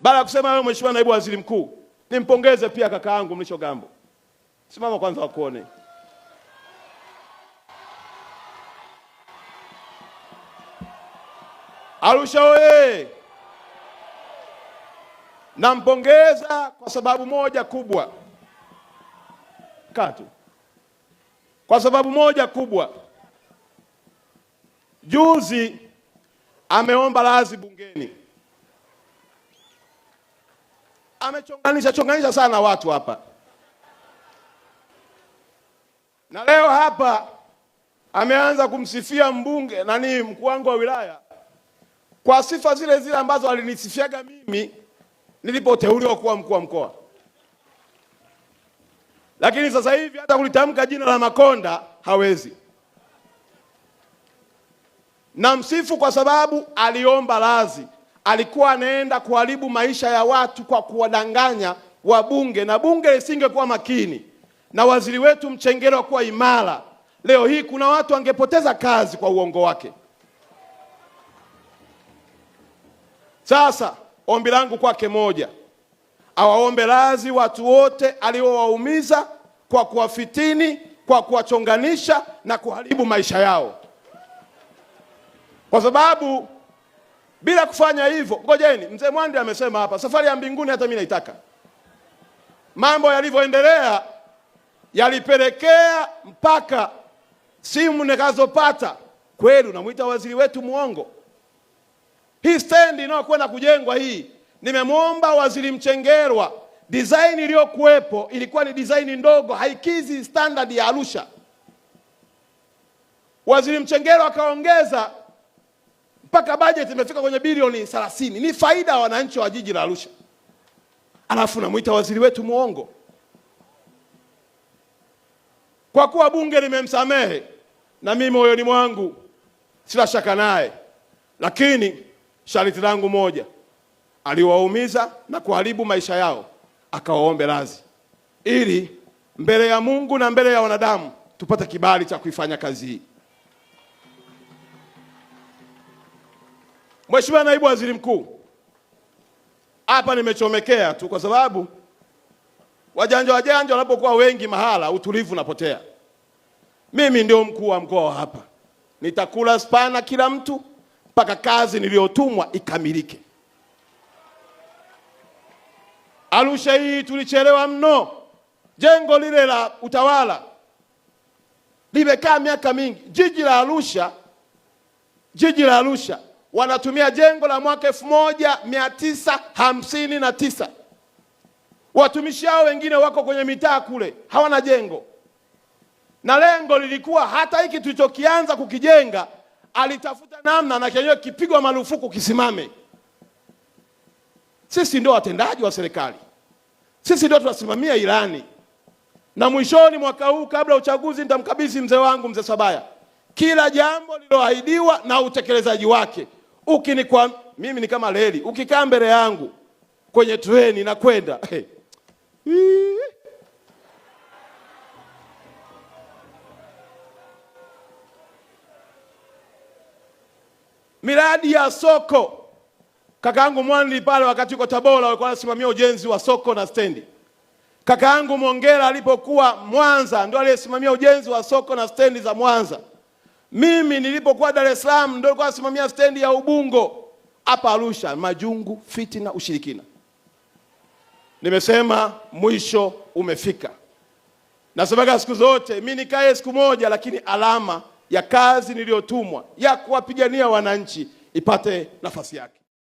Baada ya kusema hayo, Mheshimiwa Naibu Waziri Mkuu, nimpongeze pia kaka yangu Mrisho Gambo. Simama kwanza wakuone. Arusha oye! Nampongeza kwa sababu moja kubwa katu, kwa sababu moja kubwa, juzi ameomba radhi bungeni amechonganisha chonganisha sana watu hapa, na leo hapa ameanza kumsifia mbunge nani, mkuu wangu wa wilaya kwa sifa zile zile ambazo alinisifiaga mimi nilipoteuliwa kuwa mkuu wa mkoa, lakini sasa hivi hata kulitamka jina la Makonda hawezi. Namsifu kwa sababu aliomba radhi alikuwa anaenda kuharibu maisha ya watu kwa kuwadanganya wabunge, na bunge lisingekuwa makini na waziri wetu Mchengerwa kuwa imara, leo hii kuna watu wangepoteza kazi kwa uongo wake. Sasa ombi langu kwake moja, awaombe radhi watu wote aliowaumiza kwa kuwafitini, kwa kuwachonganisha na kuharibu maisha yao, kwa sababu bila kufanya hivyo, ngojeni, mzee Mwandi amesema hapa, safari ya mbinguni hata mimi naitaka. Mambo yalivyoendelea yalipelekea mpaka simu nikazopata kweli, unamwita waziri wetu mwongo. Hii stendi inayokwenda kujengwa hii, nimemwomba waziri Mchengerwa, design iliyokuwepo ilikuwa ni design ndogo, haikizi standard ya Arusha. Waziri Mchengerwa akaongeza mpaka bajeti imefika kwenye bilioni 30. Ni faida ya wananchi wa jiji la Arusha, alafu namwita waziri wetu mwongo. Kwa kuwa bunge limemsamehe na mimi moyoni mwangu sina shaka naye, lakini sharti langu moja, aliwaumiza na kuharibu maisha yao, akawaombe radhi ili mbele ya Mungu na mbele ya wanadamu tupate kibali cha kuifanya kazi hii. Mheshimiwa Naibu Waziri Mkuu, hapa nimechomekea tu kwa sababu wajanja wajanja wanapokuwa wengi mahala utulivu unapotea. Mimi ndio mkuu wa mkoa hapa, nitakula spana kila mtu mpaka kazi niliyotumwa ikamilike. Arusha hii tulichelewa mno. Jengo lile la utawala limekaa miaka mingi. Jiji la Arusha, jiji la Arusha wanatumia jengo la mwaka elfu moja mia tisa hamsini na tisa. Watumishi hao wengine wako kwenye mitaa kule, hawana jengo, na lengo lilikuwa hata hiki tulichokianza kukijenga alitafuta namna na kenyewe kipigwa marufuku kisimame. Sisi ndio watendaji wa serikali, sisi ndio tunasimamia ilani. Na mwishoni mwaka huu kabla ya uchaguzi, nitamkabidhi mzee wangu mzee Sabaya kila jambo lililoahidiwa na utekelezaji wake. Ukinikwa mimi ni kama reli, ukikaa mbele yangu kwenye treni na kwenda Miradi ya soko Kakaangu Mwandi pale wakati yuko Tabora walikuwa anasimamia ujenzi wa soko na stendi. Kakaangu Mongera alipokuwa Mwanza ndio aliyesimamia ujenzi wa soko na stendi za Mwanza. Mimi nilipokuwa Dar es Salaam ndio nilikuwa nasimamia stendi ya Ubungo hapa Arusha, majungu, fitina, ushirikina. Nimesema mwisho umefika. Nasemaga siku zote mi nikae siku moja, lakini alama ya kazi niliyotumwa ya kuwapigania wananchi ipate nafasi yake.